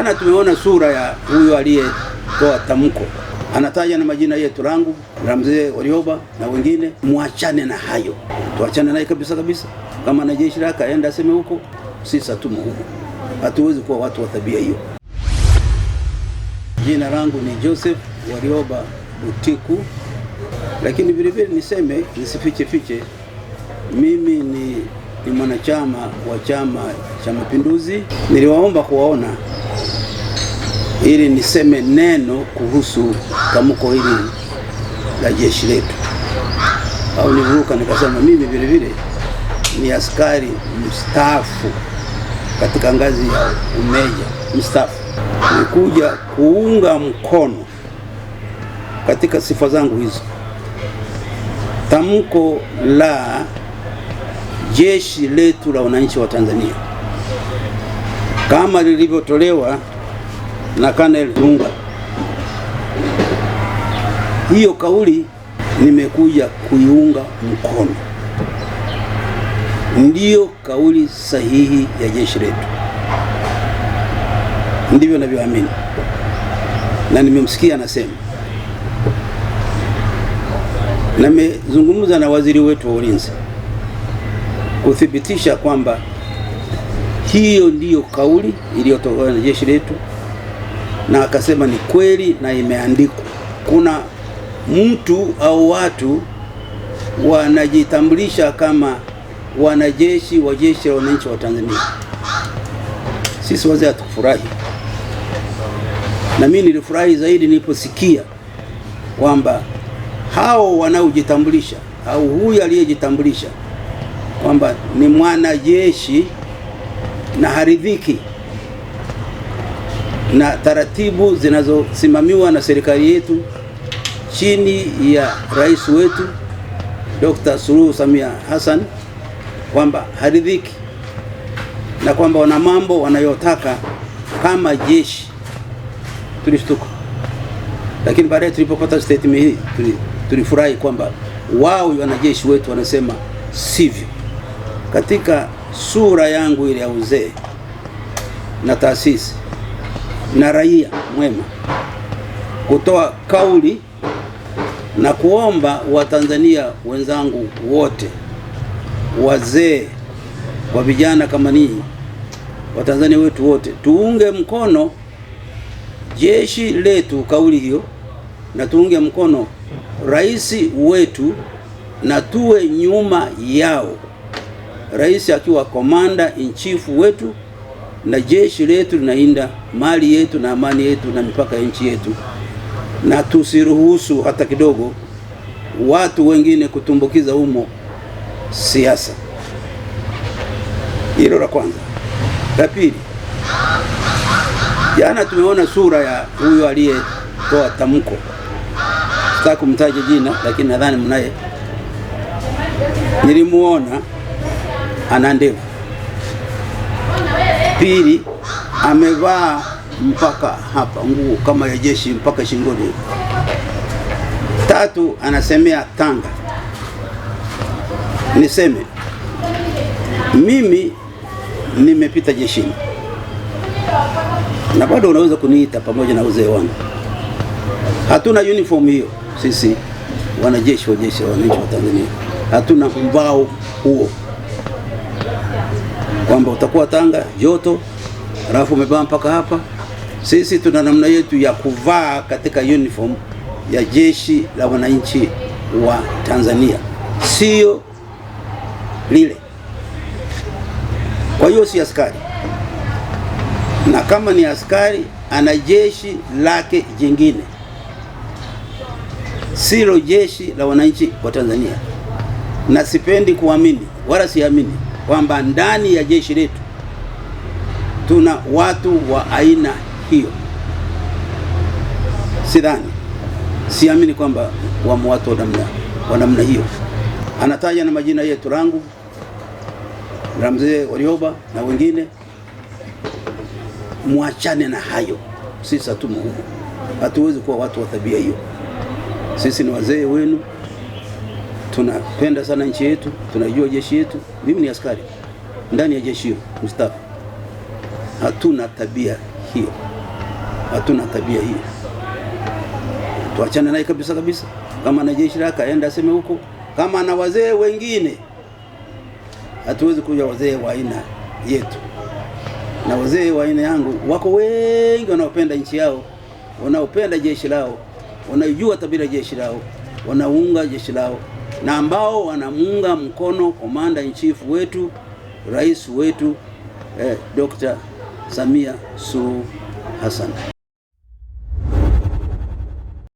Jana tumeona sura ya huyo aliyetoa tamko, anataja na majina yetu, langu na mzee Warioba na wengine. Mwachane na hayo, tuachane naye kabisa kabisa. Kama na jeshi lake aenda aseme huko, sisi hatumo huko, hatuwezi kuwa watu wa tabia hiyo. Jina langu ni Joseph Warioba Butiku, lakini vile niseme nisifiche fiche, mimi ni ni mwanachama wa Chama cha Mapinduzi. Niliwaomba kuwaona ili niseme neno kuhusu tamko hili la jeshi letu, au nivuruka nikasema mimi vile vile ni askari mstaafu katika ngazi ya umeja mstaafu. Nikuja kuunga mkono katika sifa zangu hizo tamko la jeshi letu la wananchi wa Tanzania kama lilivyotolewa na Kanel Dunga. Hiyo kauli nimekuja kuiunga mkono, ndiyo kauli sahihi ya jeshi letu, ndivyo navyoamini na nimemsikia anasema. Nimezungumza na waziri wetu wa ulinzi kuthibitisha kwamba hiyo ndiyo kauli iliyotolewa na jeshi letu na akasema ni kweli na imeandikwa. Kuna mtu au watu wanajitambulisha kama wanajeshi wa jeshi la wananchi wa Tanzania. Sisi wazee hatufurahi na mimi nilifurahi zaidi niliposikia kwamba hao wanaojitambulisha au huyu aliyejitambulisha kwamba ni mwanajeshi na haridhiki na taratibu zinazosimamiwa na serikali yetu chini ya rais wetu Dr. Suluhu Samia Hassan kwamba haridhiki na kwamba wana mambo wanayotaka kama jeshi. Tulishtuka, lakini baadaye tulipopata statement hii tulifurahi kwamba wao wanajeshi wetu wanasema sivyo. Katika sura yangu ile ya uzee na taasisi na raia mwema kutoa kauli na kuomba Watanzania wenzangu wote, wazee kwa vijana kama ninyi, Watanzania wetu wote tuunge mkono jeshi letu, kauli hiyo, na tuunge mkono rais wetu na tuwe nyuma yao, rais akiwa komanda in chief wetu na jeshi letu linainda mali yetu na amani yetu na mipaka ya nchi yetu, na tusiruhusu hata kidogo watu wengine kutumbukiza humo siasa. Hilo la kwanza. La pili, jana tumeona sura ya huyu aliyetoa tamko, sitaki kumtaja jina, lakini nadhani mnaye, nilimuona ana ndevu Pili, amevaa mpaka hapa nguo kama ya jeshi mpaka shingoni. Tatu, anasemea Tanga. Niseme mimi nimepita jeshini na bado unaweza kuniita pamoja na uzee wangu. Hatuna uniform hiyo sisi wanajeshi wa jeshi la wananchi wa Tanzania, hatuna mbao huo kwamba utakuwa Tanga joto, alafu umevaa mpaka hapa. Sisi tuna namna yetu ya kuvaa katika uniform ya jeshi la wananchi wa Tanzania, sio lile. Kwa hiyo si askari, na kama ni askari ana jeshi lake jingine, silo jeshi la wananchi wa Tanzania, na sipendi kuamini wala siamini kwamba ndani ya jeshi letu tuna watu wa aina hiyo. Sidhani, siamini kwamba wamo watu wa namna hiyo. Anataja na majina yetu Rangu, Ramzee Warioba na wengine. Mwachane na hayo, sisi hatumo humo hatuwezi kuwa watu wa tabia hiyo. Sisi ni wazee wenu tunapenda sana nchi yetu, tunajua jeshi yetu. Mimi ni askari ndani ya jeshi hilo mstaafu. Hatuna tabia hiyo, hatuna tabia hiyo, tuachane naye kabisa kabisa. Kama na jeshi lake aende aseme huko, kama na wazee wengine. Hatuwezi kuja wazee wa aina yetu, na wazee wa aina yangu wako wengi, wanaopenda nchi yao, wanaopenda jeshi lao, wanaijua tabia jeshi lao, wanaunga jeshi lao na ambao wanamuunga mkono komanda in chief wetu rais wetu eh, Dr. Samia Suluhu Hassan.